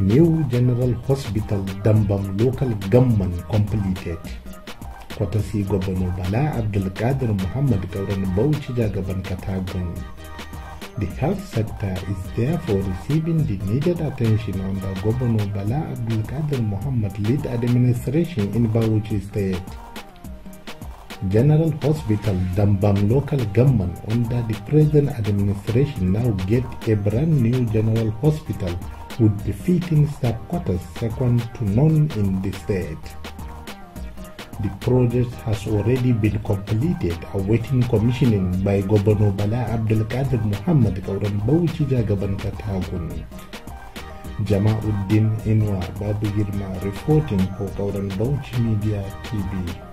New General Hospital Dambam Local Government completed. Kwatasi Governor Bala Abdulkadir Muhammad Gauran Bauchi Jagaban Katagun. The health sector is therefore receiving the needed attention under Governor Bala Qadir Muhammad lead administration in Bauchi State. General Hospital Dambam local government under the present administration now get a brand new general hospital would defeating Sabkata's second to none in the state. The project has already been completed awaiting commissioning by Governor Bala Abdul Qadir Muhammad Kauran Bauchi Jagaban Katagun. Jama'uddin Inwa Babu Girma reporting for Kauran Bauchi Media TV.